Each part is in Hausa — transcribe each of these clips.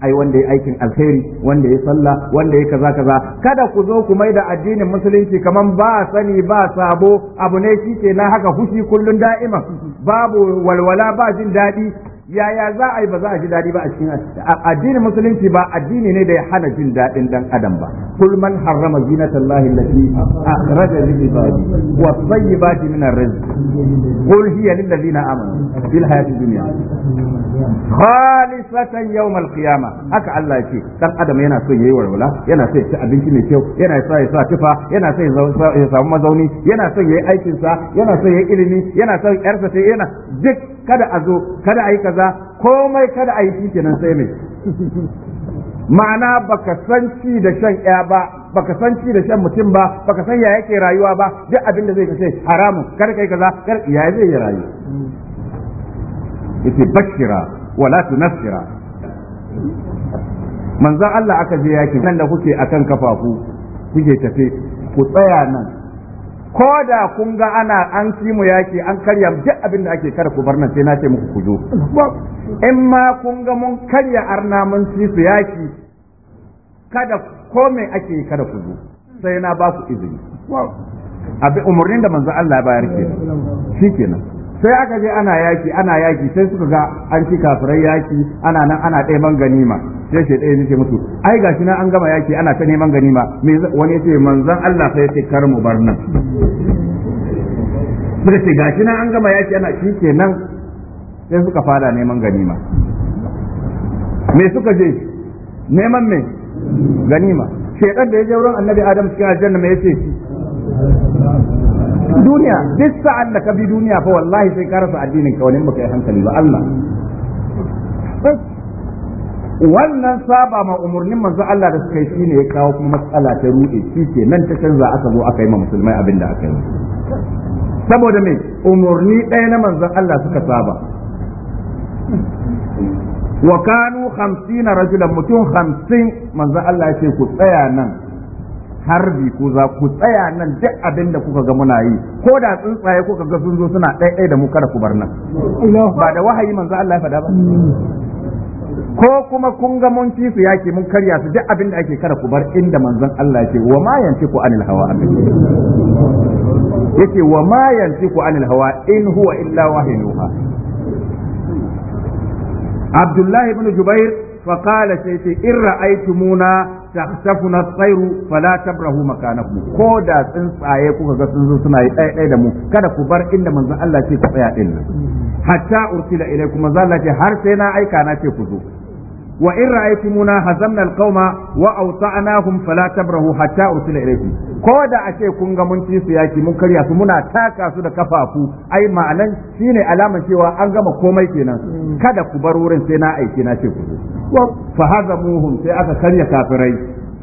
ai wanda ya aikin alheri wanda ya salla wanda ya kaza kaza kada ku zo ku mai da addinin musulunci kaman ba sani ba sabo abu ne shi ke na haka hushi kullun daima babu walwala ba jin daɗi yaya za a yi ba za a ji daɗi ba a cikin addinin musulunci ba addini ne da ya hana jin daɗin dan adam ba kul man harrama zinatallahi allati akhraja lil ibadi wa tayyibati min ar-rizq qul hiya lil amanu fil hayati dunya khalisatan yawm al-qiyamah haka Allah ya ce dan adam yana so yayi walwala yana so ya ci abinci mai kyau yana so ya sa tufa yana so ya samu mazauni yana so yayi aikin sa yana so yayi ilimi yana so yarsa sai yana duk kada a zo kada a yi kaza komai kada a yi shi kenan sai mai ma'ana baka san ci da shan ya ba baka san ci da shan mutum ba baka san ya yake rayuwa ba duk abin da zai kace haramun kar kai kaza kar ya zai yi rayu yace bashira wala tunasira manzon Allah aka je yake nan da kuke akan kafafu kuke tafe ku tsaya nan ko da kun ga ana an ci mu yaki an karya duk abin da ake kada ku bar nan sai na ce muku ku in ma kun ga mun karya arna mun ci su yaki kada ko me ake kada ku zo sai na ba ku izini abin umarnin da manzo Allah ya bayar kenan shikenan sai aka je ana yaki ana yaki sai suka ga an ci kafirai yaki ana nan ana man ganima sai shi ɗaya ce musu ai gashi nan an gama yaki ana ta neman ganima me wani yace manzon Allah sai yace kar mu bar nan suka ce gashi nan an gama yaki ana shi kenan sai suka fada neman ganima me suka je neman me ganima shekar da ya je wurin annabi adam cikin aljanna me yace duniya duk sa'an da bi duniya fa wallahi sai ka rasa addinin ka wani baka yi hankali ba Allah wannan saba ma umarnin manzo Allah da suka yi shine ya kawo kuma matsala ta ruɗe shike nan ta canza aka zo aka yi ma musulmai abin da aka yi saboda me umarni ɗaya na manzon Allah suka saba wa kanu 50 rajulan mutum 50 manzo Allah ya ce ku tsaya nan harbi ko za ku tsaya nan duk abin da kuka ga muna yi ko da tsuntsaye kuka ga sun zo suna ɗaiɗai da mu kada ku bar nan ba da wahayi manzo Allah ya faɗa ba ko kuma kun ga mun ci su yaki mun karya su duk abin da ake kada ku bar inda manzon Allah yake wa ma ku anil hawa abin yake wa ma ku anil hawa in huwa illa wahyuha Abdullahi ibn Jubair qala سيتي in ra'aytumuna tahtafuna tsairu fala tabrahu makanakum ko da tsuntsaye kuka ga sun zo suna yi ɗaya da mu kada ku bar inda manzon Allah ce ku tsaya din hatta urtila ilai kuma Allah har sai na aika na ce ku zo wa in ra'aytumuna hazamna alqauma wa awta'nahum fala tabrahu hatta ursila ilaykum ko da ake kun ga mun ci su yaki mun karya su muna taka su da kafafu ai ma'anan shine alaman cewa an gama komai kenan kada ku bar wurin sai na aiki na ce ku fa hazamuhum sai aka karya kafirai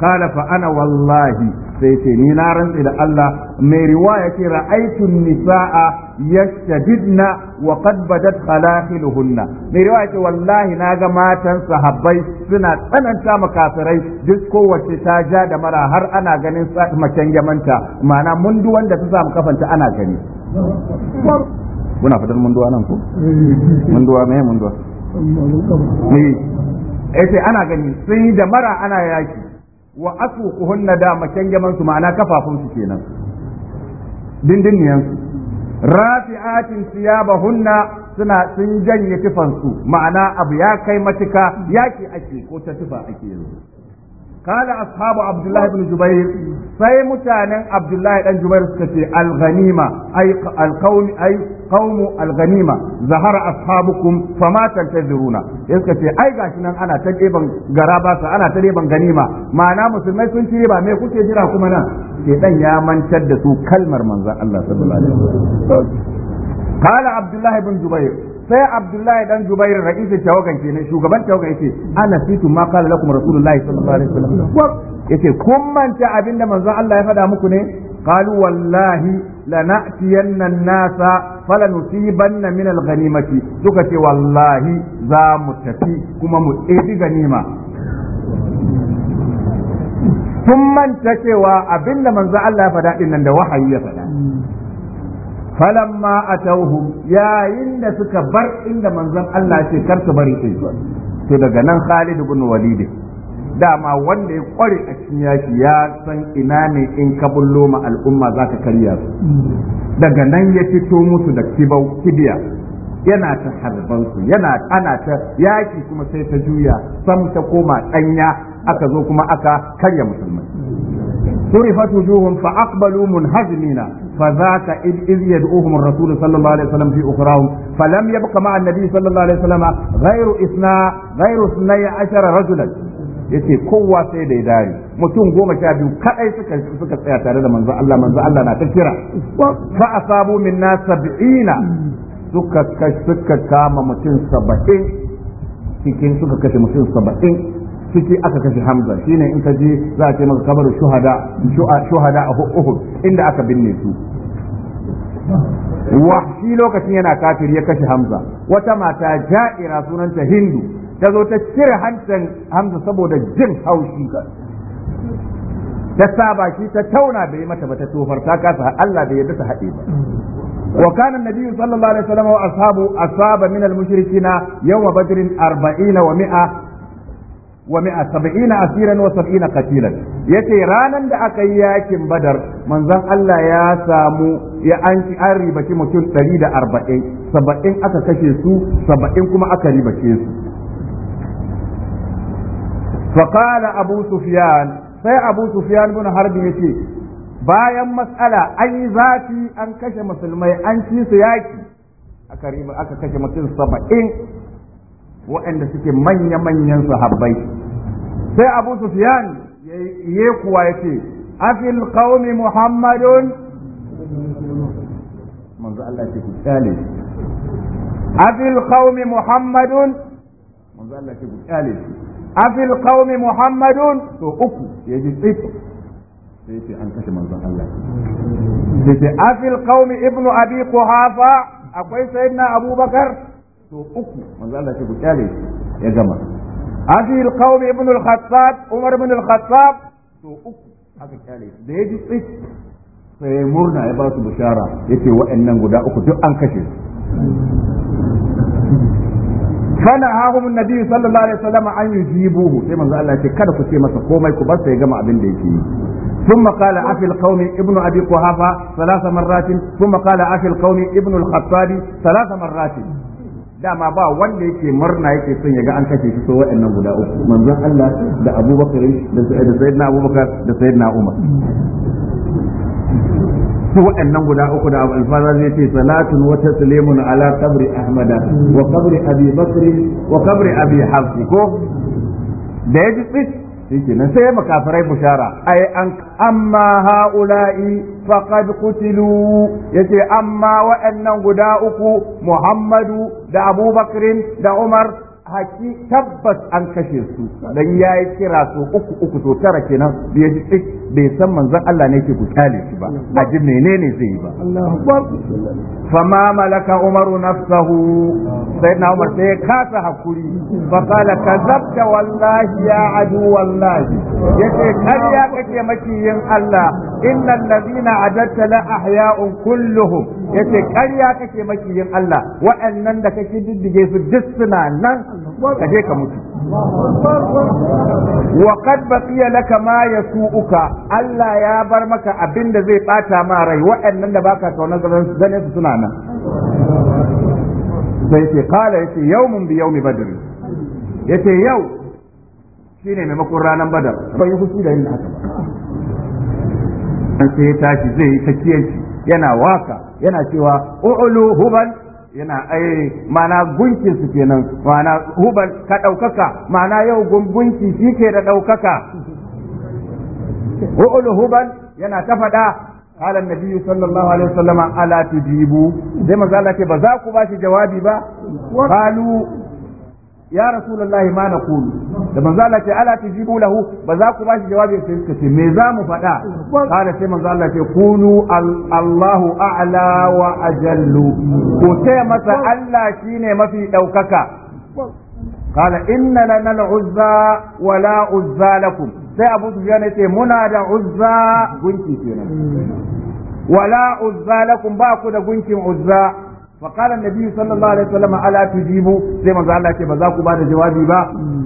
qala fa ana wallahi sai ce ni na rantsi da Allah mai riwaya ce ra'aytu nisaa yashtadidna wa qad badat khalaqiluhunna mai riwaya ce wallahi na ga matan sahabbai suna tsananta makafirai duk kowace ta ja da mara har ana ganin macen gamanta ma'ana mundu wanda su samu kafanta ana gani muna fitar munduwa nan ko munduwa me munduwa eh, sai ana gani sun yi da mara ana yaki wa kuhunna da gaman su ma'ana kafafun su kenan dindinniyan su rafi'atin siyabahunna suna sun janye su ma'ana abu ya kai matuka yaki ake ko ta tufa ake yanzu قال أصحاب عبد الله بن جبير sai mutanen Abdullahi dan Jubair suka ce al-ghanima ay al-qaum ay qaum al-ghanima zahara ashabukum fama tantaziruna suka ce ai gashi nan ana ta deban garaba sa ana ta deban ganima ma'ana musulmai sun ci ba me kuke jira kuma nan shedan ya mantar da su kalmar manzon Allah sallallahu alaihi wasallam قال عبد الله بن جبير sai abdullahi dan jubair ra'isin tawagan kenan shugaban tawagan yace ana fitu ma qala lakum rasulullahi sallallahu alaihi wasallam yace kun manta abinda manzon Allah ya faɗa muku ne qalu wallahi lanatiyanna an-nasa falanusibanna min al-ghanimati suka ce wallahi za mu tafi kuma mu ɗebi ganima kun manta cewa abinda manzon Allah ya faɗa din nan da wahayi ya faɗa falamma Tauhu yayin da suka bar inda manzon Allah ce kar su bari din to daga nan Khalid ibn Walid dama wanda ya kware a cikin yaki ya san ina ne in ka bullo ma al'umma zaka karya su daga nan ya fito musu da kibau kibiya yana ta harban su yana ana ta yaki kuma sai ta juya sam ta koma danya aka zo kuma aka karya musulmai surifat wujuhum fa aqbalu munhazmina فذاك إذ يدعوهم الرسول صلى الله عليه وسلم في أخراهم فلم يبق مع النبي صلى الله عليه وسلم غير إثناء غير اثني عشر رجلا yace kowa sai da ya dare mutum goma sha biyu kadai suka suka tsaya tare da manzo Allah manzo Allah na ta kira fa asabu minna sab'ina suka suka kama mutum saba'in cikin suka kashe mutum saba'in ciki aka kashe hamza shine in ka je za a ce maka kabarin shuhada shuhada a uhud inda aka binne su wa shi lokacin yana kafir ya kashe hamza wata mata ja'ira sunanta hindu ta zo ta cire hancin hamza saboda jin haushi ta saba shi ta tauna bai mata ba ta tofar ta kasa Allah bai yadda ta haɗe ba wa kana annabi sallallahu alaihi wasallam wa ashabu asaba min al mushrikina yawm badr 40 wa 100 wa 170 asiran wa 70 qatilan yace ranan da aka yi yakin badar manzon Allah ya samu ya an an ribaci mutum 140 saba'in aka kashe su saba'in kuma aka ribace su faqala abu sufyan sai abu sufyan bin harbi yace bayan matsala an yi zafi an kashe musulmai an ci su yaki aka riba aka kashe mutum saba'in waɗanda suke manya-manyan sahabbai sai abu sufyan ya kuwa yace afil qaumi muhammadun manzo Allah ce ku kyale afil qaumi muhammadun manzo Allah ce ku kyale afil qaumi muhammadun to uku yaji sai ce an kashe manzo Allah sai ce afil qaumi ibnu abi quhafa akwai sayyidina abubakar to uku manzo Allah ce ku kyale ya gama afil qaumi ibnu al-khattab umar ibn al-khattab to uku kyale da yaji tsif sai eh, ya murna ya ba su bishara ya yace wa'annan guda uku duk an kashe kana hahum nabi sallallahu alaihi wasallam an yujibuhu sai manzo Allah ce kada ku ce masa komai ku bar sai gama abin da yake yi ثم قال أفي القوم ابن أبي قحافة ثلاث مرات ثم قال أفي القوم ابن الخطاب ثلاث مرات لا ما wanda yake murna yake son ya ga an kashe shi so wa'annan guda uku manzon Allah da Abu Bakar أبو بكر Abu Bakar da duk waɗannan guda uku da abu alfaza zai ce salatun wa taslimun ala qabri ahmada wa qabri abi bakr wa qabri abi hafs ko da yaji tsit yake nan sai makafirai bushara ai an amma haula'i faqad qutilu yace amma waɗannan guda uku muhammadu da abubakar da umar haki tabbas an kashe su dan yayi kira su uku uku to tara kenan bai ji tsik bai san manzon Allah ne yake gutale shi ba a ji menene zai yi ba Fa ma malaka umaru nafsahu sai na umar sai kasa hakuri fa qala kazabta wallahi ya adu wallahi yace kariya kake makiyin Allah innal ladina adatta la ahya'un kulluhum yace kariya kake makiyin Allah waɗannan da kake diddige su duk suna nan ka je ka mutu wa qad baqiya laka ma yasu'uka Allah ya bar maka abin da zai bata ma rai waɗannan da baka kauna zane su suna nan sai ce kala yace yawmun bi yawmi badr yace yau shine maimakon ranar badar bai yi da yin haka ba sai ya tashi zai yi kiyanci yana waka yana cewa u'ulu huban yana ai ma'ana gunkin su kenan ma'ana huban ka ɗaukaka ma'ana yau gungunki shike da ɗaukaka wa'ulu huban yana ta faɗa قال النبي صلى الله عليه وسلم الا تجيبوا زي ما قال لك ya rasulullahi ma na kulu da manzo Allah ce ala tujibu lahu ba za ku bashi jawabi sai suka ce me za mu faɗa kana sai manzo Allah ce kunu Allahu a'la wa ajallu ko sai masa Allah shine mafi daukaka kana inna lana al-uzza wa la uzza lakum sai Abu Sufyan yace muna da uzza gunki kenan wala uzza lakum ba ku da gunkin uzza فقال النبي صلى الله عليه وسلم الا تجيبوا زي ما الله ce ba za ku bada jawabi ba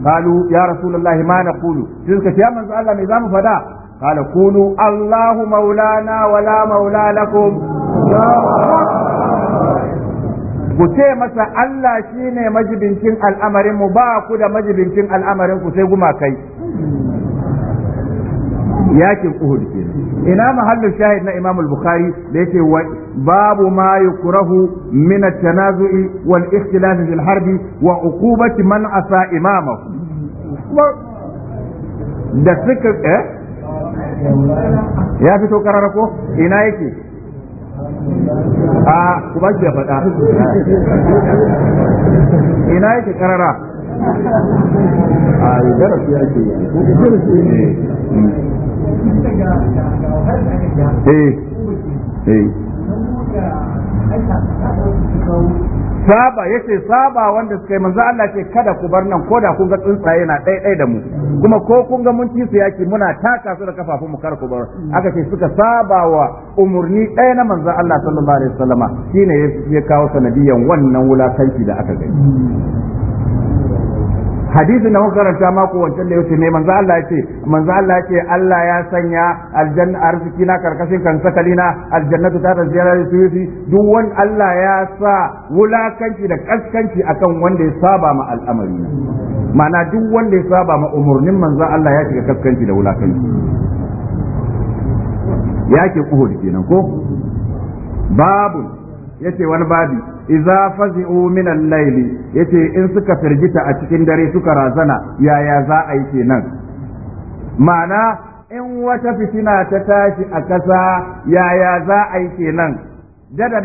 قالوا يا رسول الله ما نقول تلك يا من الله me zamu fada قال كونوا الله مولانا ولا مولى لكم ku ce masa Allah shine majibincin al'amarin mu ba ku da majibincin al'amarin ku sai gumakai yakin Uhud kenan ina mahallu shahid na Imam al-Bukhari da yake babu ma yukrahu min at-tanazu'i wal ikhtilaf fil harbi wa uqubati man asa imamahu da suka eh ya fito karara ko ina yake a ah, ku ba shi ya faɗa ina yake karara a ah, darasi ake yi eh. Eh. Eh. saba yace saba wanda suka yi manzo Allah ce kada ku bar nan koda kun ga tsuntsaye na ɗaiɗai da mu kuma ko kun ga mun ci su yaki muna taka su da kafafun mu kar ku bar aka ce suka saba wa umurni ɗaya na manzo Allah sallallahu alaihi wasallama shine ya kawo sanadiyan wannan wulakanci da aka gani hadisin da muka karanta mako wancan da yace ne manzo Allah yace manzo Allah yace Allah ya sanya aljanna arziki na karkashin kan sakalina aljannatu ta da yusufi duk wani Allah ya sa wulakanci da kaskanci akan wanda ya saba ma al'amari ma'ana duk wanda ya saba ma umurnin manzo Allah ya shiga kaskanci da wulakanci ya ke kenan ko babu yace wani babi idza fazi'u min al-layli yace in suka firgita a cikin dare suka razana yaya za a yi kenan ma'ana in wata fitina ta tashi a ƙasa, yaya za a yi kenan dada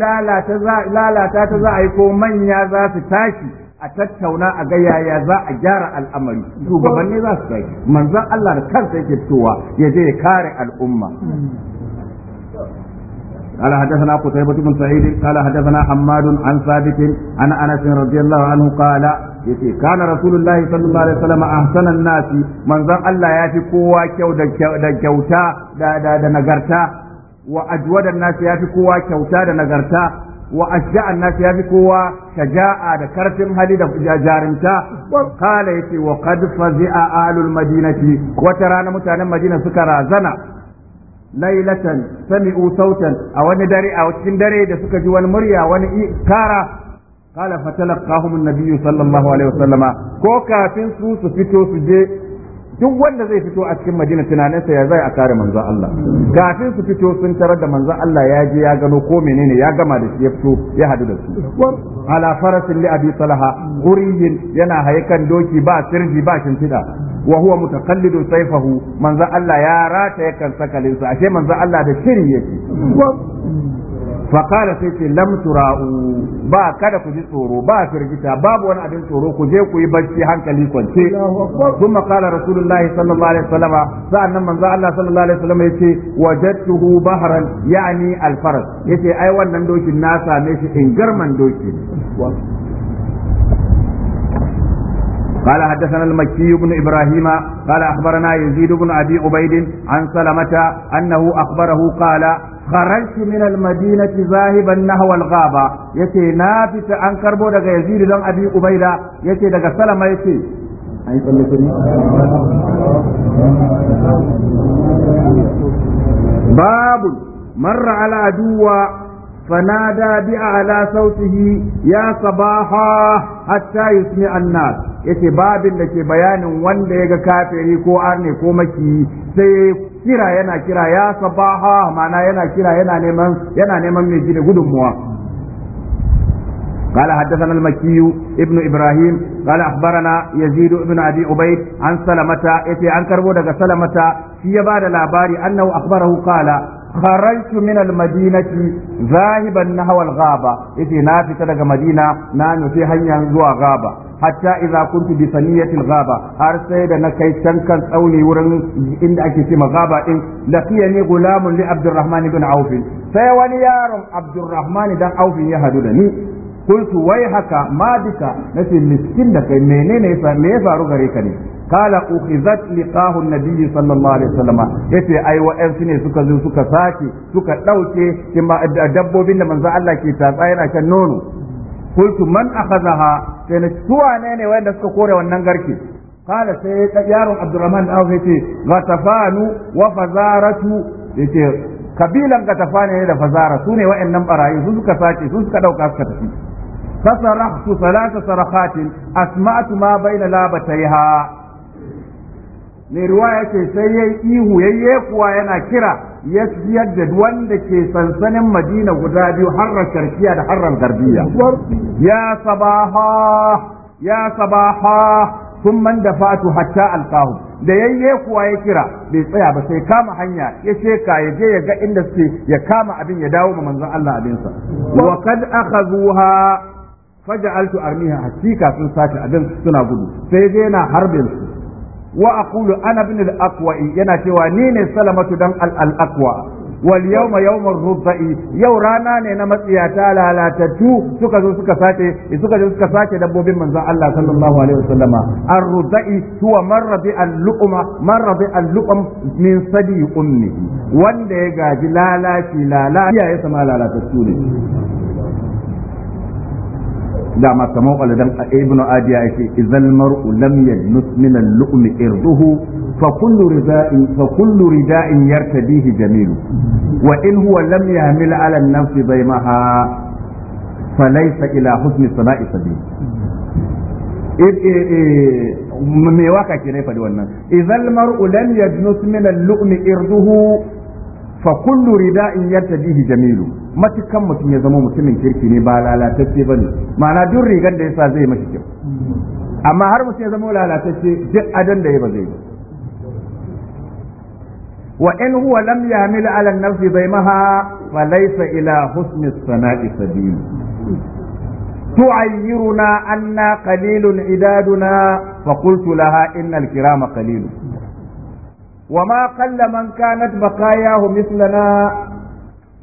lalata ta za a yi ko manya za su tashi a tattauna a ga yaya za a gyara al'amari shugabanni za su tashi manzon Allah da kansa yake fitowa ya je ya kare al'umma قال حدثنا قتيبة بن سعيد قال حدثنا حماد عن ثابت عن أنس رضي الله عنه قال yace kana rasulullahi sallallahu alaihi wasallam ahsanan nasi manzon Allah ya fi kowa kyau da kyauta da nagarta wa nasi ya fi kowa kyauta da nagarta wa nasi ya fi kowa shaja'a da karfin hali da jarinta kala yace wa qad fazi'a alul madinati wata rana mutanen madina suka razana lailatan sami'u sautan a wani dare a cikin dare da suka ji wani murya wani kara قال فتلقاهم النبي صلى الله عليه وسلم ko kafin su su fito su je duk wanda zai fito a cikin madina tunaninsa ya zai a kare manzon Allah kafin su fito sun tarar da manzon Allah ya je ya gano ko menene ya gama da shi ya fito ya hadu da su ala farasin li abi salaha quriyin yana haikan doki ba sirji ba shimfida wa huwa mutaqallidu sayfahu manzo Allah ya rata yakan sakalinsa ashe manza Allah da shiri yake fakala sai ce lam tura'u ba kada ku ji tsoro ba firgita babu wani abin tsoro ku je ku yi barci hankali kwance kuma kala rasulullahi sallallahu alaihi wasallam sa'annan manzo Allah sallallahu alaihi wasallam yace wajadtuhu baharan yani alfaras yace ai wannan dokin na same shi in garman doki قال حدثنا المكي بن ابراهيم قال اخبرنا يزيد بن ابي عبيد عن سلمة انه اخبره قال kharajtu min al-madinati zahiban nahwa al-ghaba yace na fita an karbo daga Yazid dan Abi Ubaida yace daga Salama yace ai tsallake ne babu marra ala aduwa fanada bi ala sautihi ya sabaha hatta yusmi an-nas yace babin da ke bayanin wanda ya ga kafiri ko arne ko maki sai kira yana kira ya sabaha mana yana kira yana neman yana neman mai gida gudunmuwa قال حدثنا المكي ابن ابراهيم قال اخبرنا يزيد بن ابي عبيد عن سلمة اتي عن كربو دغ سلمة في بعد الاباري انه اخبره قال خرجت من المدينة ذاهبا نحو الغابة اتي نافت دغ مدينة نانو في هنيا غابة hatta iza kuntu bi saniyatil ghaba har sai da na kai can kan tsauni wurin inda ake cewa ghaba din laqiyani gulamun li abdurrahman ibn auf sai wani yaron abdurrahman dan auf ya hadu da ni قلت ويحك ما بك نفي da دك menene me ya faru gare ka ne قال أخذت لقاه النبي صلى الله عليه وسلم yace ai wa'ansu ne suka zo suka sake suka ɗauke dabbobin da manzo Allah ke tatsa yana kan nono qultu man akhadhaha sai na suwa ne ne wanda suka kore wannan garke kala sai yaron Abdurrahman da ya ce gatafanu wa fazaratu yace kabilan gatafani ne da fazara su ne wa'annan barayi su suka sace su suka dauka suka tafi فصرخت ثلاث صرخات أسمعت ما بين لابتيها mai ruwa ya ce sai ya ihu ya kuwa yana kira ya siyar da wanda ke sansanin madina guda biyu harran sharkiya da harran garbiya ya sabaha ya sabaha sun man da fatu hatta alkahu da yayye kuwa ya kira bai tsaya ba sai kama hanya ya sheka ya je ya ga inda suke ya kama abin ya dawo ga manzon Allah abinsa wa kad akhazuha faja'altu armiha hakika sun sace abin suna gudu sai dai na harbin su wa aqulu ana ibn al-aqwa yana cewa ni ne salamatu dan al-aqwa wal yawma yawm ar yau rana ne na matsiyata lalatattu suka zo suka sace suka zo suka sace dabbobin manzon Allah sallallahu alaihi wasallama ar-rubba'i huwa marrabi al-luqma marrabi al min sadi wanda ya gaji lalaci lalaci ya sama lalatattu ne dama kamar waladan ibn adiya yake izal mar'u lam yajnus min al-lu'mi irduhu fa kullu rida'in fa kullu rida'in yartadihi jamilu wa in huwa lam yahmil 'ala an-nafsi daymaha falaysa ila husni sana'i sabil eh, eh, eh, me waka ke ne faɗi wannan izal mar'u lam yajnus min al-lu'mi irduhu fa kullu rida'in yartadihi jamilu matukan mutum ya zama mutumin kirki ne ba lalatacce bane ma'ana duk rigar da yasa zai mashi kyau amma har mutum ya zama lalatacce duk adan da ya ba zai wa in huwa lam yamil ala an-nafsi baymaha fa laysa ila husni as-sana'i sabil anna qalilun idaduna fa qultu Laha, Innal, kirama qalilun wa ma qalla man kanat baqayahu mislana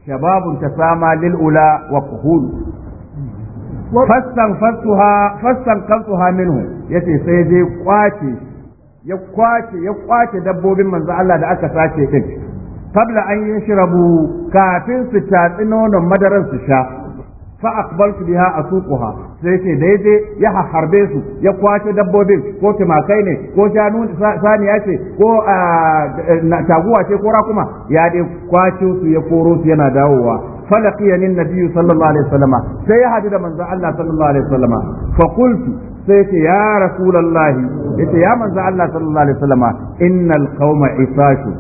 shababun tasama lil'ula ula wa qul fasan fasuha fasan qalsuha minhu yace sai dai kwace ya kwace ya kwace dabbobin manzo Allah da aka sace kin Kabla an yin shirabu kafin su tatsi nonon madaran su sha fa aqbaltu biha asuquha sai ce da yaje ya harbe su ya kwace dabbobin ko tumakai ne ko shanu saniya ce ko taguwa ce ko rakuma ya dai kwace su ya koro su yana dawowa falaqiyani an-nabiy sallallahu alaihi wasallama sai ya hadu da manzon Allah sallallahu alaihi wasallama fa qultu sai ce ya rasulullahi yace ya manzon Allah sallallahu alaihi wasallama innal qauma isashu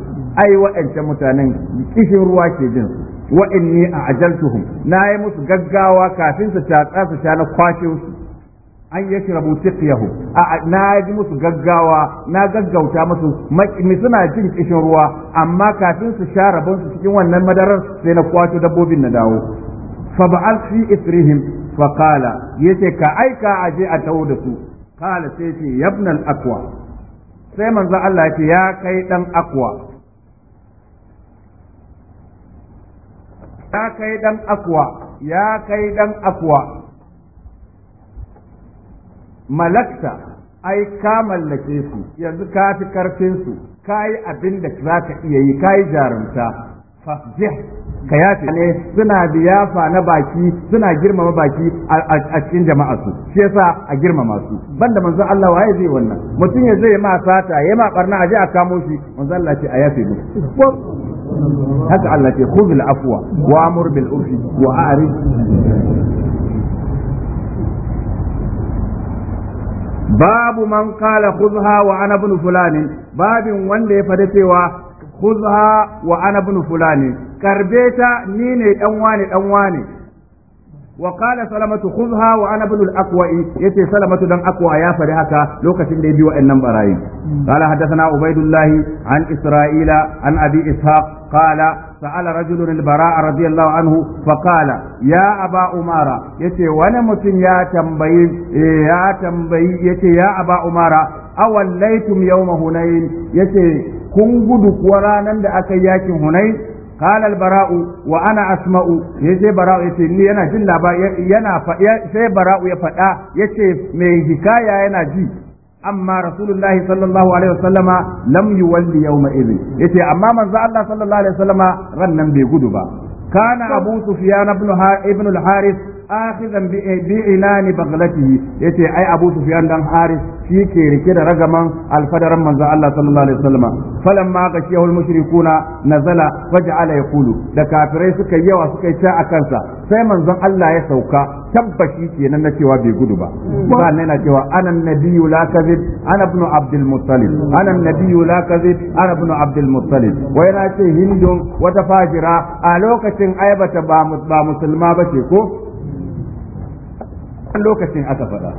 ai wa'ancan mutanen kishin ruwa ke jin su wa inni a'jaltuhum na yi musu gaggawa kafin su tatsa su ta na kwashe su an yashrabu tiqyahu a na yi musu gaggawa na gaggauta musu mi suna jin kishin ruwa amma kafin su sha rabon su cikin wannan madarar sai na kwato dabbobin na dawo fa ba'al fi isrihim fa qala yace ka aika a je a tawo da su qala sai ce yabnal aqwa sai manzo Allah ya ce ya kai dan aqwa ya kai dan akwa ya kai dan akwa malakta ai ka mallake su yanzu ka fi karfin su ka abin da za ka iya yi ka jarumta fasjih ka yafe ne suna biyafa na baki suna girmama baki a cikin jama'a su shi yasa a girmama su banda manzo Allah waye zai wannan mutum ya zai ma sata ya ma barna a a kamo shi manzo Allah ce a yafe mu haka Allah ce bil afwa wa amur bil urfi wa a'rid babu man qala khudha wa ana ibn fulani babin wanda ya fada cewa khudha wa ana ibn fulani karbe ta ni ne dan wani dan wani wa qala salamatu khudha wa ana ibn al-aqwa'i yace salamatu dan aqwa ya fada haka lokacin da ya bi wa'annan barayi qala hadathana ubaidullah an isra'ila an abi ishaq قال سأل رجل البراء رضي الله عنه فقال يا أبا أمارة يتي وانا متن يا تنبي يا تنبي يتي يا أبا أمارة أوليتم يوم هنين يتي كن قدك ورانا لأكياك هنين قال البراء وانا اسمع yace براء يتي ni yana jin labari yana fa براء bara'u يتي من yace ينا جي amma rasulullahi sallallahu alaihi wasallama lam yuwalli yawma idhin yace amma manzo Allah sallallahu alaihi wasallama ran nan bai gudu ba kana abu sufyan ibn ibn al-harith akhizan eh, bi ilani baghlatihi yace ai Abu Sufyan dan Haris shi ke rike da ragaman alfadaran manzo Allah sallallahu alaihi wasallam falamma gashiyahu almushrikuna nazala waj'ala yaqulu da kafirai suka yawa suka ta a kansa sai manzon Allah ya sauka tabbashi kenan na cewa bai gudu ba sannan yana cewa ana nabiyyu la kadhib ana ibn abdul muttalib ana nabiyyu la kadhib ana ibn abdul muttalib wa yana ce hindun wata fajira a lokacin aibata ba musulma ba ce ko lokacin aka faɗa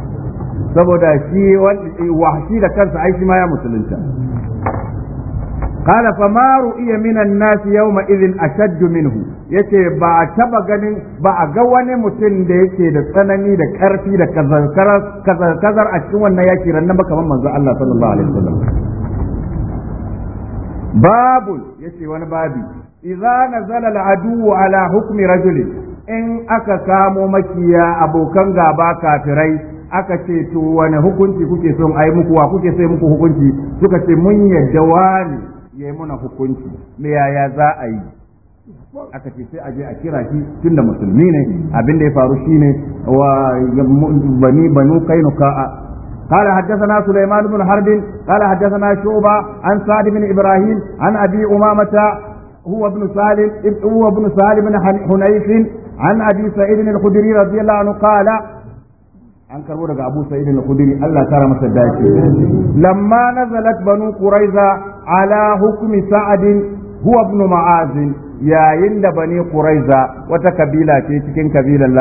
saboda shi wahshi da kansa ai shi ma ya musulunta قال فما رؤي من الناس يومئذ أشد منه yace ba a taba ganin ba a ga wani mutum da yake da tsanani da karfi da kazar a cikin wannan yaki ran ba kamar manzo Allah sallallahu alaihi wasallam babu yace wani babi idza nazala al ala hukmi in aka kamo makiya abokan gaba kafirai aka ce to wani hukunci kuke son ai muku wa kuke sai muku hukunci suka ce mun yadda wani ya yi muna hukunci me yaya za a yi aka ce sai a je a kira shi da musulmi ne abin da ya faru shi ne wa bani banu kainuka قال حدثنا سليمان بن حرب قال حدثنا شعبة عن سعد بن إبراهيم عن أبي أمامة هو ابن سالم هو ابن سالم بن حنيف an abi sa'id al-khudri radiyallahu anhu qala an karbo daga abu sa'id al-khudri Allah kara masa dace lamma nazalat banu quraiza ala hukmi sa'ad huwa ibn ma'az yayin da bani quraiza wata kabila ce cikin kabilan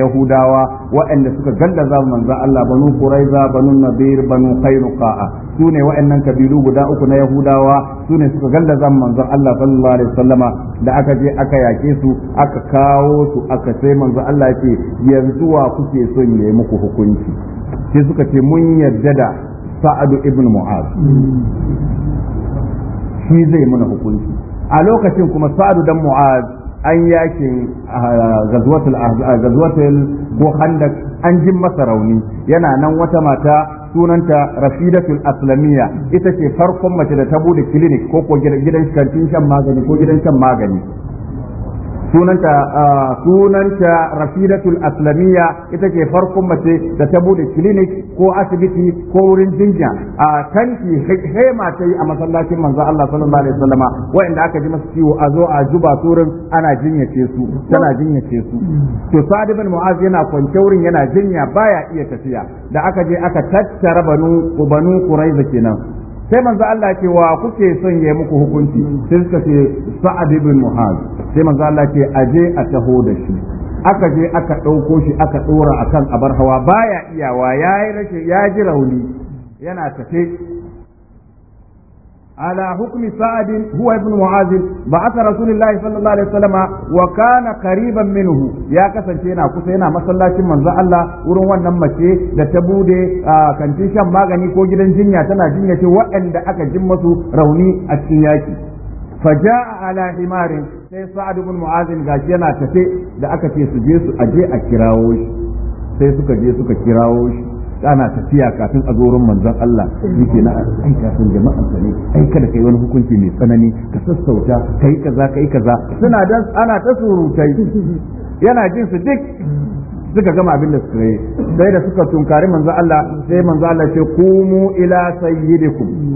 yahudawa waɗanda suka gallaza manzo Allah banu quraiza banu nadir banu qainuqa su ne wa'annan kabilu guda uku na yahudawa su ne suka gallaza manzon Allah sallallahu alaihi wasallama da aka je aka yake su aka kawo su aka sai manzon Allah ce yanzu wa kuke son yayi muku hukunci sai suka ce mun yarda da Sa'ad ibn Mu'az hmm. shi zai muna hukunci a lokacin kuma Sa'adu dan Mu'az an yakin gazwatul ko handak an jin masa rauni yana nan wata mata sunanta rafidatul aslamiya ita ce farkon mace da ta bude clinic ko ko gidan shan magani ko gidan shan magani sunanta sunanta rafidatul aslamiyya ita ce farkon mace da ta bude clinic ko asibiti ko wurin jinya a tanki hema ta a masallacin manzo Allah sallallahu alaihi wasallama wanda aka ji masu ciwo a zo a zuba turin ana jinyace su tana jinyace su to Sa'd ibn Mu'az yana kwance wurin yana jinya baya iya tafiya da aka je aka tattara banu banu Quraiza kenan sai manzo Allah ce wa kuke son ya muku hukunci sai suka ce Sa'ad ibn Muhaz sai manzo Allah ce aje a taho da shi aka je aka ɗauko shi aka ɗora akan abar hawa baya iyawa yayi rashin ya ji rauni yana tafe على حكم سعد هو ابن معاذ بعث رسول الله صلى الله عليه وسلم وكان قريبا منه يا kasance yana kusa yana masallacin manzo Allah wurin wannan mace da ta bude kantin shan magani ko gidan jinya tana jinyace waɗanda aka jin masu rauni a cikin yaki faja'a ala himarin sai sa'ad ibn mu'az ga yana tafe da aka ce su je su aje a kirawo shi sai suka je suka kirawo shi kana tafiya kafin a zoron manzon Allah yake na ai kafin jama'an sa ne ai kada kai wani hukunci mai tsanani ka sassauta kai kaza kai kaza suna dan ana ta surutai yana jin su duk suka gama abin da suka yi sai da suka tunkari manzon Allah sai manzon Allah ce kumu ila sayyidikum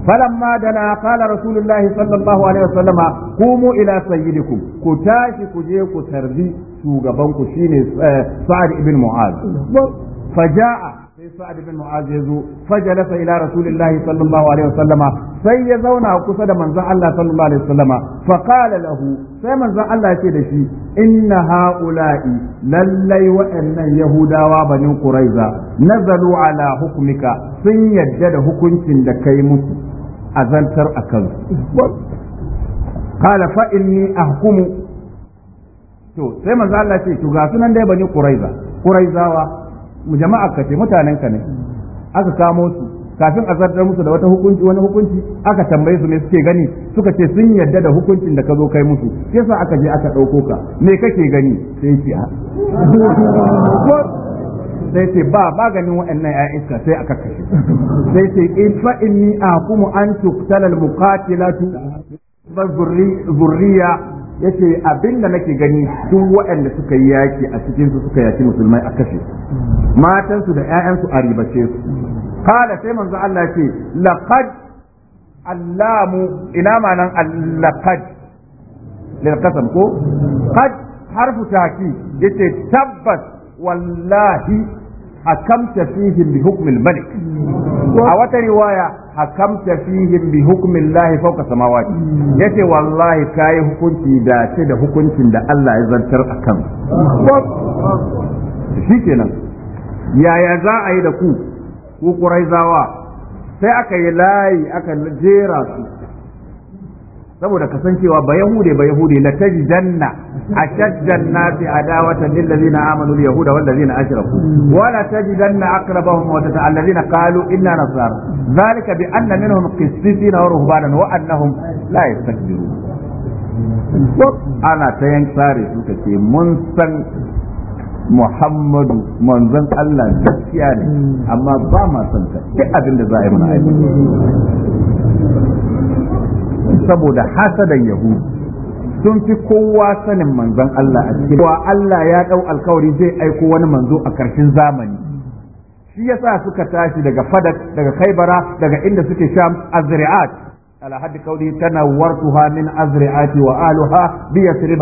فلما دنا قال رسول الله صلى الله عليه وسلم قوموا الى سيدكم كتاشي كجيكو ترضي شو غبنكو شيني سعد ابن معاذ faja'a sai sa'ad bin mu'az ya zo fajalasa ila rasulillahi sallallahu alaihi wasallama sai ya zauna kusa da manzon Allah sallallahu alaihi wasallama fa qala lahu sai manzon Allah ya da shi inna haula'i lallai wa'annan yahudawa bani quraiza nazalu ala hukmika sun yadda da hukuncin da kai musu azantar akan qala fa inni ahkumu to sai manzo Allah ce to ga sunan dai bani quraiza quraizawa jama'a ka ce mutanen ka ne aka kamo su kafin a zartar musu da wata hukunci wani hukunci aka tambaye su ne suke gani suka ce sun yadda da hukuncin da ka zo kai musu sa aka je aka ɗauko ka me kake gani sai ce ah. sai ce ba ba ganin waɗannan ya iska sai aka kashe sai ce in fa inni aqumu an tuqtala al muqatilatu zurriya yace abinda nake gani duk waɗanda suka yi yaki a cikin su suka yaki musulmai a kashe matan su da ƴaƴan su a ribace su kala sai manzo Allah ce laqad allamu ina manan laqad lil qasam ko qad harfu taki yace tabbas wallahi hakamta fihim bi hukmil malik a wata riwaya hakamta fihim bi hukmin lahi fauka samawati yace wallahi kayi hukunci da ce da hukuncin da Allah ya zartar a kan shikenan yaya za a yi da ku ku kuraizawa sai aka yi layi aka jera su saboda kasancewa ba yahude ba yahude la tajidanna ashaddan nasi adawatan lil ladina amanu al yahuda wal ladina ashraku wa la tajidanna aqrabahum wa alladhina qalu inna nasara dhalika bi anna minhum qissisina wa ruhbanan wa annahum la yastakbirun ana ta yan tsare suka ce mun san Muhammadu manzon Allah gaskiya ne amma ba ma san ta duk abin da za a yi mana saboda hasadan Yahu, sun fi kowa sanin manzon Allah a cikin wa Allah ya ɗau alkawari zai aiko wani manzo a ƙarshen zamani shi yasa suka tashi daga fadak daga Kaibara, daga inda suke sham azri'at على حد قوله تنورتها من أزرعاتي وآلها بيثرب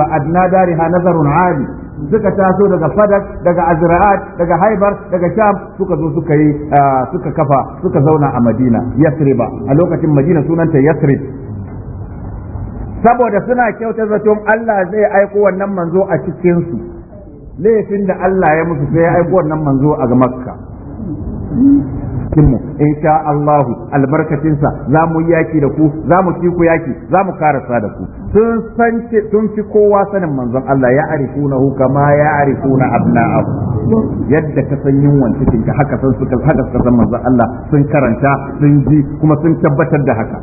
dari ha nazarun Ali. suka taso daga fadak daga azriat daga haibar daga sham suka zo suka yi ah, suka kafa suka zauna a madina yasriba a lokacin madina sunanta yasrib saboda suna kyauta zaton Allah zai aiko wannan manzo a cikin su laifin da Allah ya musu sai ya aiko wannan manzo a Makka cikinmu in sha Allahu albarkacinsa za mu yaki da ku za mu ci ku yaki za mu karasa da ku sun san sun fi kowa sanin manzon Allah ya hu kama ya arifuna abna'ahu yadda ka san yunwan cikin ka haka san suka haka san manzon Allah sun karanta sun ji kuma sun tabbatar da haka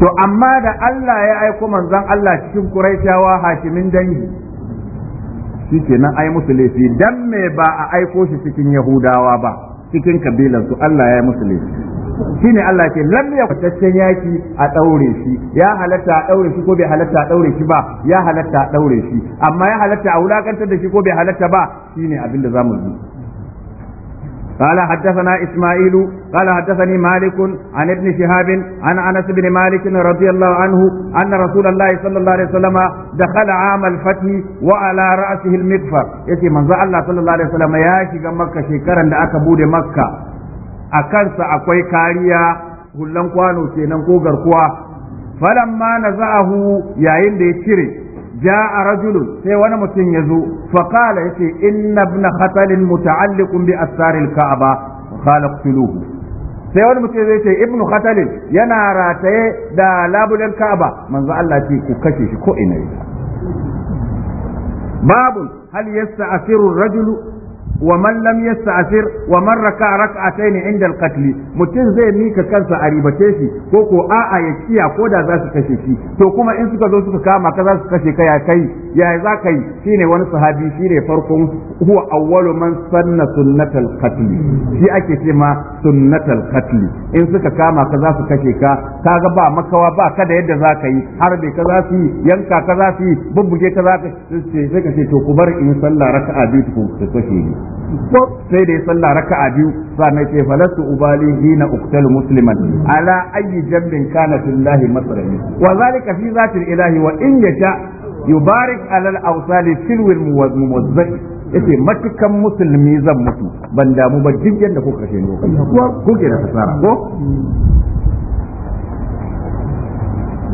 to amma da Allah ya aiko manzon Allah cikin Quraishawa hakimin dangi shikenan ai musu laifi dan me ba a aiko shi cikin Yahudawa ba cikin kabilan su Allah ya yi musu laifi shine Allah ke lamme ya fitaccen yaki a daure shi ya halatta a daure shi ko bai halatta a daure shi ba ya halatta a daure shi amma ya halatta a wulakantar da shi ko bai halatta ba shine abin da zamu yi قال حدثنا إسماعيل قال حدثني مالك عن ابن شهاب عن أنس بن مالك رضي الله عنه أن رسول الله صلى الله عليه وسلم دخل عام الفتح وعلى رأسه المغفر يتي من الله صلى الله عليه وسلم يا شيخ مكة شكرا لأك بود مكة أكنس أكوي كاريا هلن كوانو سينن كوغر كوا فلما نزعه يا إندي شري Ja a rajulun sai wani mutum ya zo fa qala yace inna ibn khatal muta'alliqun bi asaril ka'aba khalaqtuluhu sai wani mutum zai ce ibn khatal yana rataye da labulen ka'aba manzo Allah ku kashe shi ko ina babu hal yasta'siru ar-rajulu wa man lam yasta'sir wa man raka rak'atayn inda al-qatl mutum zai mika kansa a ribace shi ko ko a'a ya kiya ko da za su kashe shi to kuma in suka zo suka kama ka za su kashe ka ya kai yaya za ka yi shine wani sahabi shine farkon huwa awwalu man sanna sunnatal qatl shi ake ce ma sunnatal qatl in suka kama ka za su kashe ka kaga ba makawa ba ka da yadda za ka yi har bai ka za su yi yanka ka za su yi bubbuge ka za ka sai ka ce to ku bar in sallah raka'a biyu ku kashe ni sai da ya salla raka'a biyu sannan ce falastu ubali hina uqtal musliman ala ayi jambin kana fillahi masrani wa zalika fi zati ilahi wa in yasha yubarik alal awsali silwil muwazzai yace matukan musulmi zan mutu ban damu ba duk da kuka kashe ni kuke da kasara ko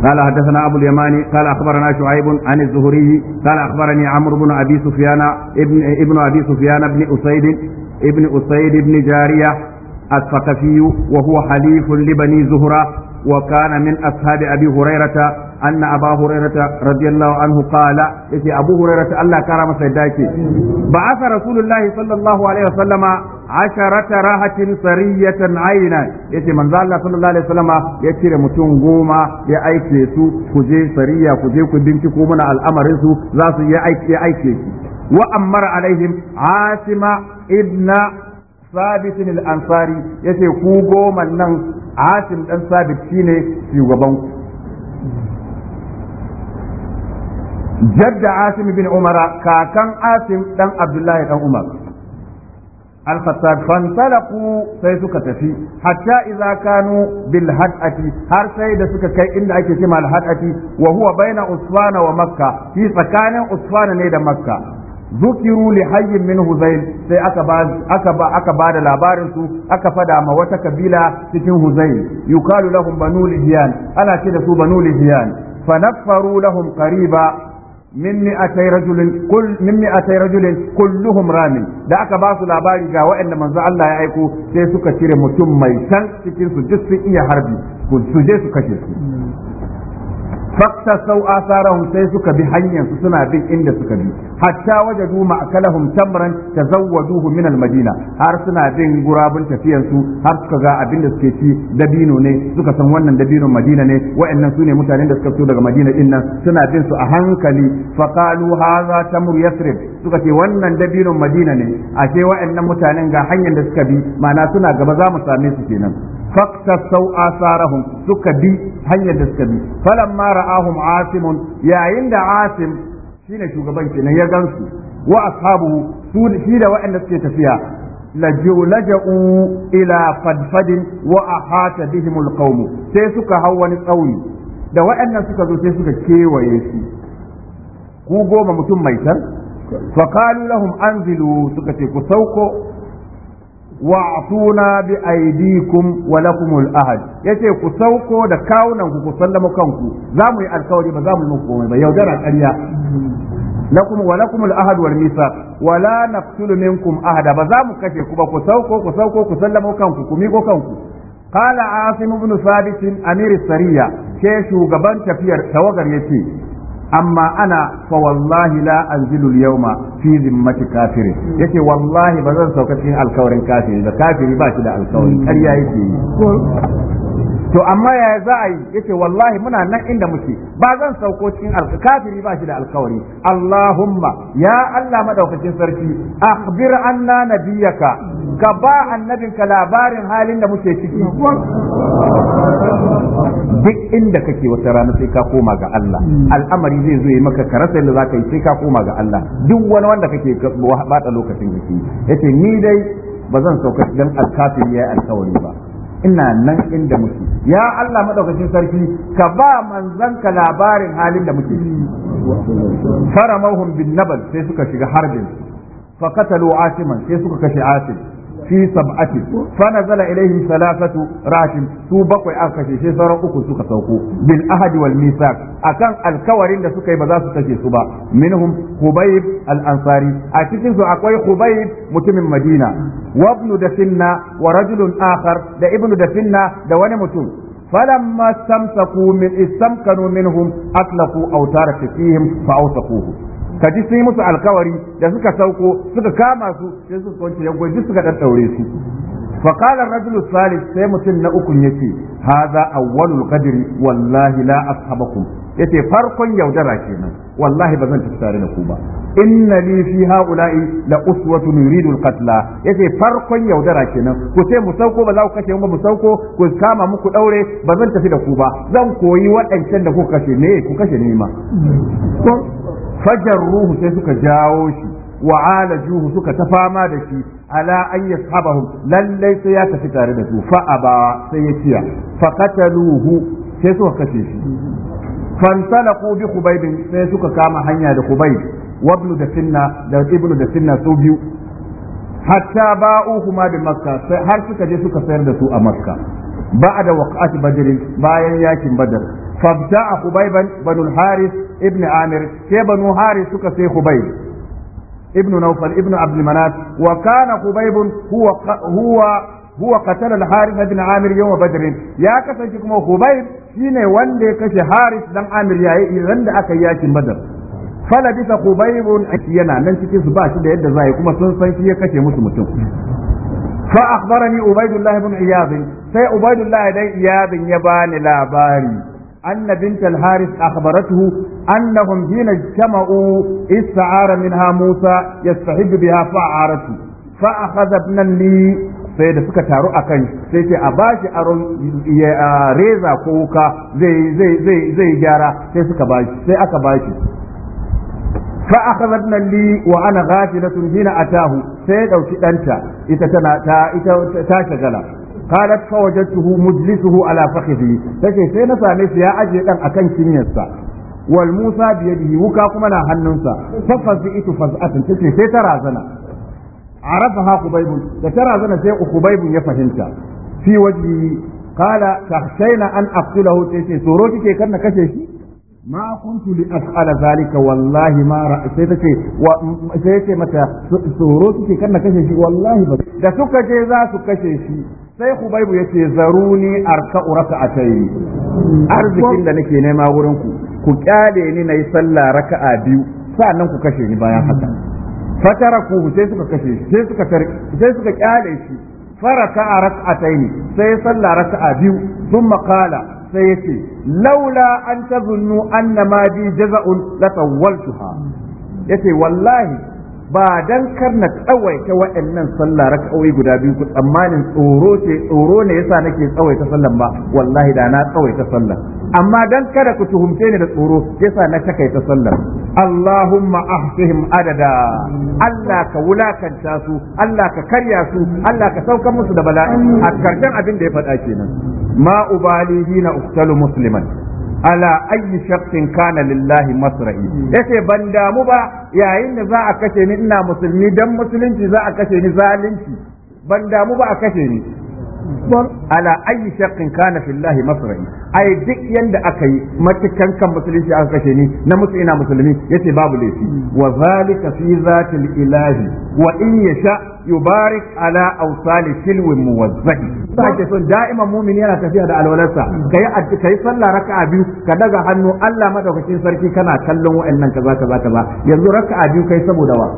قال حدثنا أبو اليماني قال أخبرنا شعيب عن الزهري قال أخبرني عمرو بن أبي سفيان ابن, ابن أبي سفيان بن أسيد ابن أسيد بن جارية الثقفي وهو حليف لبني زهرة وكان من أصحاب أبي هريرة أن أبا هريرة رضي الله عنه قال إذا أبو هريرة الله كرم سيداك بعث رسول الله صلى الله عليه وسلم asharata rahatin sariyatan aina yace manzo Allah sallallahu alaihi wasallama ya cire mutum goma ya aike su ku je sariya ku je ku binciko mana al'amarin su za su ya aike ya aike su wa amara alaihim asima ibna ثابت ansari yace ku goma nan عاصم دان sabit shine في غبانكو جد عاصم بن عمر كاكن عاصم دان عبد الله بن عمر al-khattab fantalaqu sai suka tafi hatta idza kanu bil hadati har sai da suka kai inda ake cewa al hadati wa huwa baina usfana wa makka fi tsakanin usfana ne da makka zukiru li hayyin min huzail sai aka ba da labarin su aka fada ma wata kabila cikin huzail yukalu lahum banu lihiyan ana ce da su banu lihiyan fanaffaru lahum qariba min mi'atai rajulin kull min mi'atai rajulin kulluhum ramin da aka ba su labari ga waɗanda manzo Allah ya aiko sai suka cire mutum mai san cikin su duk sun iya harbi su je su kashe su fakta sau asarahum sai suka bi hanyar su suna bin inda suka bi hatta wajadu ma'akalahum tamran tazawwaduhu min almadina madina har suna bin gurabun tafiyan su har suka ga abin da suke ci dabino ne suka san wannan dabinon madina ne wa'annan sune mutanen da suka fito daga madina din nan suna bin su a hankali faqalu hadha tamru yasrib suka ce wannan dabino madina ne ashe wa'annan mutanen ga hanyar da suka bi ma'ana suna gaba za mu same su kenan faktasau asarahum suka bi hanyar da suka bi falamma ra'ahum asimun yayin da asim shine shugaban kenan ya gansu wa ashabu shi da waɗanda suke tafiya laja'u ila fadfadin wa ahata bihim alqawm sai suka hau wani tsauni da waɗannan suka zo sai suka kewaye su ku goma mutum mai tan fa qalu lahum anzilu suka ce ku sauko wa'tuna bi aydikum wa lakumul ahad yace ku sauko da kawunanku ku sallama kanku za mu yi alkawari ba za mu yi muku komai ba yaudara ƙarya lakum wa ahad wal misaq wa la naqtulu minkum ahada ba za mu kashe ku ba ku sauko ku sauko ku sallama kanku ku miƙo kanku qala asim ibn sabit amir sariya ke shugaban tafiyar tawagar yace amma ana fa wallahi la anzilu al-yawma fi zimmati kafiri yake wallahi ba zan sauka cikin alkawarin kafiri da kafiri ba shi da alkawari ƙarya yake yi to amma yaya za a yi yace wallahi muna nan inda muke ba zan sauko cikin alkafiri ba shi da alkawari Allahumma ya Allah madaukakin sarki akhbir anna nabiyaka ka ba annabinka labarin halin da muke ciki duk inda kake wata rana sai ka koma ga Allah al'amari zai zo yi maka karasa da zaka yi sai ka koma ga Allah duk wani wanda kake bada lokacin yake yace ni dai ba zan sauka dan alkafiri ya alkawari ba ina nan inda muke ya Allah madaukakin sarki ka ba manzanka labarin halin da muke faramahum bin nabal sai suka shiga harbin fa qatalu asiman sai suka kashe asim fi sab'ati fa nazala ilaihim thalathatu rashin su bakwai aka kashe sai sauran uku suka sauko bil ahad wal misaq akan alkawarin da suka yi ba za su kashe su ba minhum hubayb al ansari a cikin su akwai hubayb mutumin madina wa ibn dafinna wa rajulun akhar da ibn dafinna da wani mutum فلما استمسكوا من استمكنوا منهم اطلقوا اوتار سفيهم فاوثقوه ka ji yi musu alkawari da suka sauko suka kama su sai suka kwanci da gwaji suka daddaure su fa qala ar-rajulu salih sai mutum na ukun yace hadha awwalul qadri wallahi la ashabakum yace farkon yaudara kenan wallahi bazan tafi tare da ku ba inna li fi haula'i la uswatun yuridu al-qatla yace farkon yaudara kenan ku ce mu sauko ba za ku kashe mu sauko ku kama muku daure bazan tafi da ku ba zan koyi waɗancan da ku kashe ne ku kashe ne ma fajar ruhu sai suka jawo shi wa alajuhu suka ta fama da shi ala an yashabahu lallai sai ya tafi tare da su fa aba sai ya ciya fa kataluhu sai suka kace shi fansalaqu bi khubayb sai suka kama hanya da khubayb wa ibnu da sinna da ibnu da sinna su biyu hatta ba'u kuma bi makka har suka je suka sayar da su a makka ba'da waqati badr bayan yakin badr fabda'a Hubayban banu Haris ibn Amir sai banu Haris suka sai Hubayb ibn Nawfal ibn Abdul Manaf wa kana ibn Amir yawm Badr ya kasance kuma Hubayb shine wanda ya kashe Haris dan Amir yayi ran da aka yi yakin Badr falabisa Hubaybun yana nan cikin ba shi da yadda zai kuma sun san shi ya kashe musu mutum فأخبرني عبيد الله بن عياض سي عبيد الله دي عياض يباني لاباري أن بنت الحارث أخبرته أنهم حين اجتمعوا استعار منها موسى يستحب بها فأعارته فأخذ ابنا لي sai da suka taru a kan sai ce a bashi aron reza ko wuka zai gyara sai suka bashi sai aka bashi fa akhadhatna li wa ana ghafilatun hina atahu sai dauki danta ita tana ta ta shagala qalat fa wajadtuhu mujlisuhu ala fakhidhi tace sai na same shi ya ajiye dan akan cinyarsa wal musa biyadihi wuka kuma na hannunsa fa fazi'tu faz'atan tace sai ta razana arafaha kubayb da ta razana sai kubayb ya fahimta fi wajhi qala takhshayna an aqtulahu tace tsoro kike kan na kashe shi ma kuntu li as'ala zalika wallahi ma sai mata kashe shi wallahi ba da suka je za su kashe shi sai Hubaibu ya ce zaruni arka uraka a arzikin da nake nema wurin ku ku kyale ni na yi sallah raka'a biyu nan ku kashe ni bayan haka fatara ku sai suka kashe sai suka sai suka kyale shi faraka a raka'ataini sai sallah raka'a biyu sun makala sai yace laula an tazunnu anna ma bi jaza'un la tawaltuha yace wallahi ba dan kar na tsawaita wa'annan sallah raka'o'i guda biyu ku tsammanin tsoro ce tsoro ne yasa nake tsawaita sallan ba wallahi da na tsawaita sallar. amma dan kada ku tuhumce ni da tsoro yasa na takaita sallar. Allahumma ahsihim adada Allah ka wulakanta su Allah ka karya su Allah ka saukar musu da bala'i a karshen abin da ya faɗa kenan ma ubalihi na uktalu musliman ala ayyi shaqqin kana lillahi masra'i yace ban damu ba yayin da za a kashe ni ina musulmi dan musulunci za a kashe ni zalunci ban damu ba a kashe ni akbar ala ayi shaqqin kana fillahi masrai ai duk yadda aka yi matukan kan musulunci aka kashe ni na mutu ina musulmi yace babu laifi wa zalika fi zatil ilahi wa in yasha yubarik ala awsali silwin muwazzahi sake son da'ima mumin yana tafiya da alwalarsa kai kai sallah raka biyu ka daga hannu Allah madaukakin sarki kana kallon wa'annan kaza kaza kaza yanzu raka biyu kai saboda wa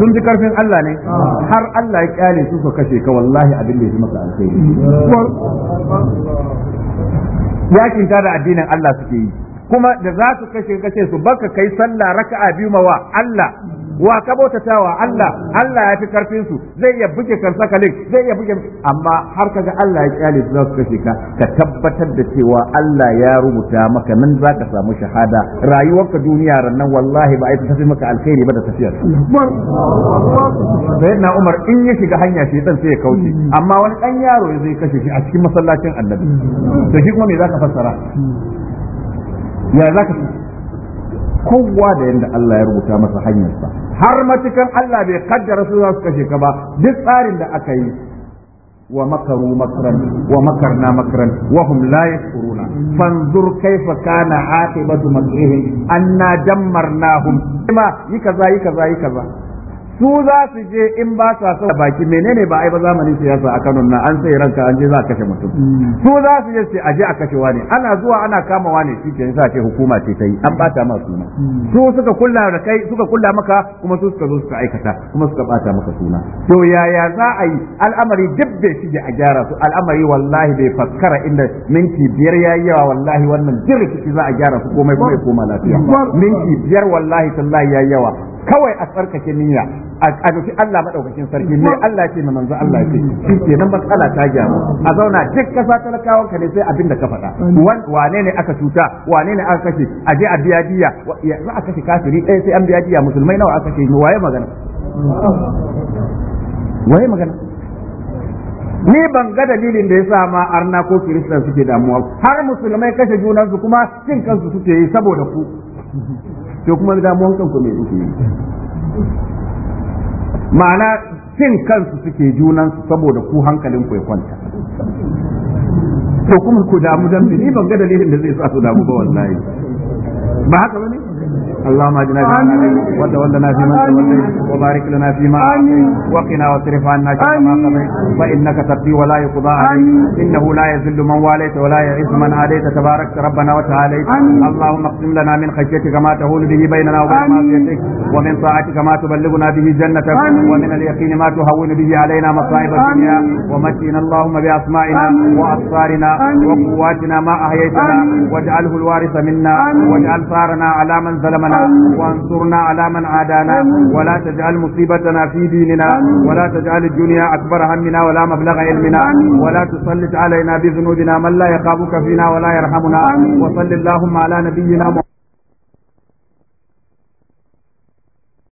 sun ji karfin Allah ne har Allah ya kyale su su kashe ka wallahi abin da ya maka alkai yakin ta da addinin Allah suke yi kuma da za su kashe kashe su baka kai sallah raka'a biyu ma wa Allah wa ka bautatawa Allah Allah ya fi karfin su zai iya buge kansa zai iya buge amma har kaga Allah ya kyale za su kashe ka ka tabbatar da cewa Allah ya rubuta maka nan za ka samu shahada rayuwarka duniya nan wallahi ba a tafi maka alkhairi ba da tafiyar sayyidina Umar in ya shiga hanya shi dan sai ya kauce amma wani dan yaro ya zai kashe shi a cikin masallacin Annabi to shi kuma me zaka fassara ya zaka kowa da yadda Allah ya rubuta masa hanyar hanyarsa har matukan Allah bai kaddara su za su kashe ka ba duk tsarin da aka yi wa makaru makran wa makarna makran wa hum la yashkuruna fanzur kaifa kana aqibatu makrihim anna dammarnahum ima yi kaza yi kaza yi kaza su za su je in ba sa son baki menene ba ai ba zamanin siyasa a Kano na an sai ranka an je za a kashe mutum su za su je a je a kashe wani ana zuwa ana kama wani shi ke sa ce hukuma ce ta yi an bata ma suna su suka kulla da kai suka kulla maka kuma su suka zo suka aikata kuma suka bata maka suna to yaya za a yi al'amari duk bai shige a gyara su al'amari wallahi bai fakkara inda minti biyar yayi yawa wallahi wannan jirki za a gyara su komai komai koma lafiya minti biyar wallahi tallahi yayi yawa kawai a tsarkake niyya a nufi Allah madaukakin sarki ne Allah ce na manzo Allah ce shi ke nan matsala ta gyaru a zauna duk kasa talakawan ka ne sai abin da ka faɗa wane ne aka cuta wane ne aka kashe a je a biya diya za a kashe kafiri ɗaya sai an biya diya musulmai nawa aka kashe waye magana waye magana ni ban ga dalilin da ya sa ma arna ko kirista suke damuwa har musulmai kashe junansu kuma cin kansu suke yi saboda ku to kuma da mu kanku me kuke yi ma'ana cin kansu suke junan su saboda ku hankalin ku ya kwanta to kuma ku damu dan ni ban ga dalilin da zai sa su damu ba wallahi ba haka bane اللهم اجعلنا في من وتولنا في من توليت وبارك لنا فيما اعطيت وقنا واصرف عنا شر ما قضيت فانك تقضي ولا يقضى عليك انه لا يذل من واليت ولا يعز من عاديت تبارك ربنا وتعاليت اللهم اقسم لنا من خشيتك ما تهول به بيننا وبين معصيتك ومن طاعتك ما تبلغنا به جنتك ومن اليقين ما تهون به علينا مصائب الدنيا ومتنا اللهم باسمائنا وابصارنا وقواتنا ما احييتنا واجعله الوارث منا واجعل ثارنا على من ظلمنا أمرنا وانصرنا على من عادانا ولا تجعل مصيبتنا في ديننا ولا تجعل الدنيا أكبر همنا ولا مبلغ علمنا ولا تسلط علينا بذنوبنا من لا يخافك فينا ولا يرحمنا وصل اللهم على نبينا محمد